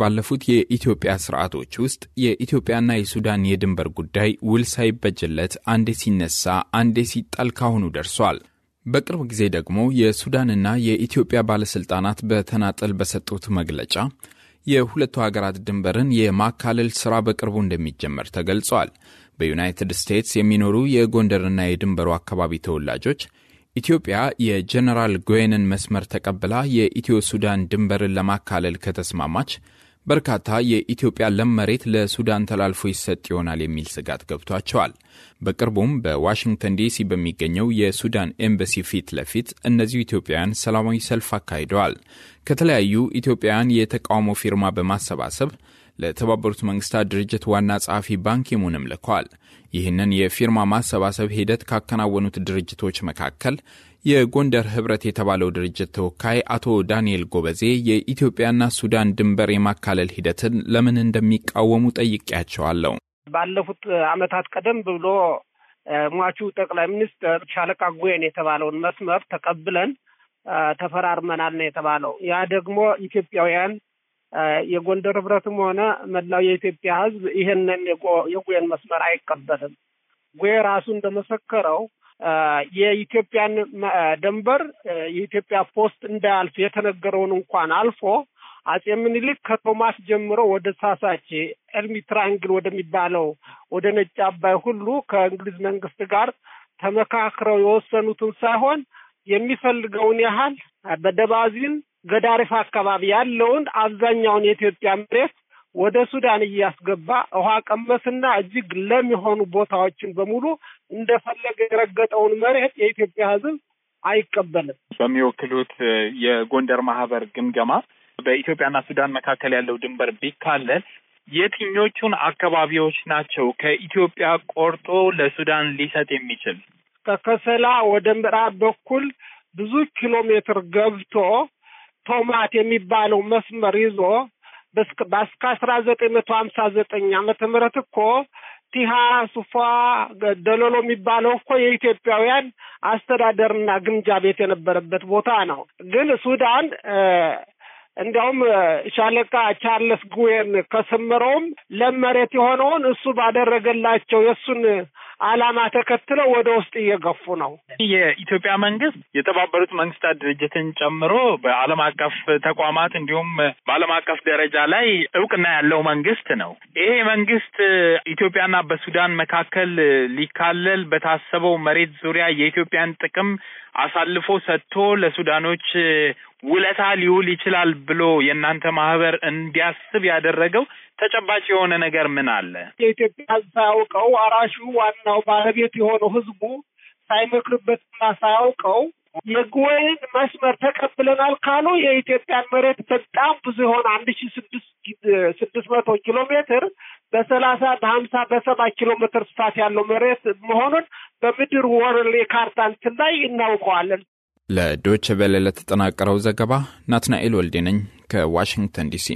ባለፉት የኢትዮጵያ ስርዓቶች ውስጥ የኢትዮጵያና የሱዳን የድንበር ጉዳይ ውል ሳይበጅለት አንዴ ሲነሳ አንዴ ሲጣል ካሁኑ ደርሷል። በቅርብ ጊዜ ደግሞ የሱዳንና የኢትዮጵያ ባለሥልጣናት በተናጠል በሰጡት መግለጫ የሁለቱ ሀገራት ድንበርን የማካለል ሥራ በቅርቡ እንደሚጀመር ተገልጿል። በዩናይትድ ስቴትስ የሚኖሩ የጎንደርና የድንበሩ አካባቢ ተወላጆች ኢትዮጵያ የጀነራል ጎዌንን መስመር ተቀብላ የኢትዮ ሱዳን ድንበርን ለማካለል ከተስማማች በርካታ የኢትዮጵያ ለም መሬት ለሱዳን ተላልፎ ይሰጥ ይሆናል የሚል ስጋት ገብቷቸዋል። በቅርቡም በዋሽንግተን ዲሲ በሚገኘው የሱዳን ኤምበሲ ፊት ለፊት እነዚሁ ኢትዮጵያውያን ሰላማዊ ሰልፍ አካሂደዋል። ከተለያዩ ኢትዮጵያውያን የተቃውሞ ፊርማ በማሰባሰብ ለተባበሩት መንግስታት ድርጅት ዋና ጸሐፊ ባንኪሙንም ልኳል። ይህንን የፊርማ ማሰባሰብ ሂደት ካከናወኑት ድርጅቶች መካከል የጎንደር ህብረት የተባለው ድርጅት ተወካይ አቶ ዳንኤል ጎበዜ የኢትዮጵያና ሱዳን ድንበር የማካለል ሂደትን ለምን እንደሚቃወሙ ጠይቄያቸዋለሁ። ባለፉት ዓመታት ቀደም ብሎ ሟቹ ጠቅላይ ሚኒስትር ሻለቃ ጉዌን የተባለውን መስመር ተቀብለን ተፈራርመናል ነው የተባለው። ያ ደግሞ ኢትዮጵያውያን የጎንደር ህብረትም ሆነ መላው የኢትዮጵያ ህዝብ ይህንን የጉዌን መስመር አይቀበልም። ጉዌ ራሱ እንደመሰከረው የኢትዮጵያን ደንበር የኢትዮጵያ ፖስት እንዳያልፍ የተነገረውን እንኳን አልፎ አጼ ምኒልክ ከቶማስ ጀምሮ ወደ ሳሳች ኤልሚ ትራንግል ወደሚባለው ወደ ነጭ አባይ ሁሉ ከእንግሊዝ መንግስት ጋር ተመካክረው የወሰኑትን ሳይሆን የሚፈልገውን ያህል በደባዚን ገዳሪፍ አካባቢ ያለውን አብዛኛውን የኢትዮጵያ መሬት ወደ ሱዳን እያስገባ ውሃ ቀመስና እጅግ ለም የሆኑ ቦታዎችን በሙሉ እንደፈለገ የረገጠውን መሬት የኢትዮጵያ ሕዝብ አይቀበልም። በሚወክሉት የጎንደር ማህበር ግምገማ በኢትዮጵያና ሱዳን መካከል ያለው ድንበር ቢካለል የትኞቹን አካባቢዎች ናቸው ከኢትዮጵያ ቆርጦ ለሱዳን ሊሰጥ የሚችል? ከከሰላ ወደ ምዕራብ በኩል ብዙ ኪሎ ሜትር ገብቶ ቶማት የሚባለው መስመር ይዞ በስከ አስራ ዘጠኝ መቶ ሀምሳ ዘጠኝ አመተ ምህረት እኮ ቲሃ ሱፋ ደሎሎ የሚባለው እኮ የኢትዮጵያውያን አስተዳደርና ግምጃ ቤት የነበረበት ቦታ ነው። ግን ሱዳን እንዲያውም ሻለቃ ቻርለስ ጉዌን ከሰመረውም ለም መሬት የሆነውን እሱ ባደረገላቸው የእሱን አላማ ተከትለው ወደ ውስጥ እየገፉ ነው። የኢትዮጵያ መንግስት የተባበሩት መንግስታት ድርጅትን ጨምሮ በዓለም አቀፍ ተቋማት እንዲሁም በዓለም አቀፍ ደረጃ ላይ እውቅና ያለው መንግስት ነው። ይሄ መንግስት ኢትዮጵያና በሱዳን መካከል ሊካለል በታሰበው መሬት ዙሪያ የኢትዮጵያን ጥቅም አሳልፎ ሰጥቶ ለሱዳኖች ውለታ ሊውል ይችላል ብሎ የእናንተ ማህበር እንዲያስብ ያደረገው ተጨባጭ የሆነ ነገር ምን አለ? የኢትዮጵያ ሳያውቀው አራሹ ዋናው ባለቤት የሆነው ህዝቡ ሳይመክርበትና ሳያውቀው የጉዌን መስመር ተቀብለናል ካሉ የኢትዮጵያን መሬት በጣም ብዙ የሆነ አንድ ሺ ስድስት ስድስት መቶ ኪሎ ሜትር በሰላሳ በሀምሳ በሰባ ኪሎ ሜትር ስፋት ያለው መሬት መሆኑን በምድር ወርሌ ካርታ እንትን ላይ እናውቀዋለን። ለዶች ቬለ ለተጠናቀረው ዘገባ ናትናኤል ወልዴ ነኝ ከዋሽንግተን ዲሲ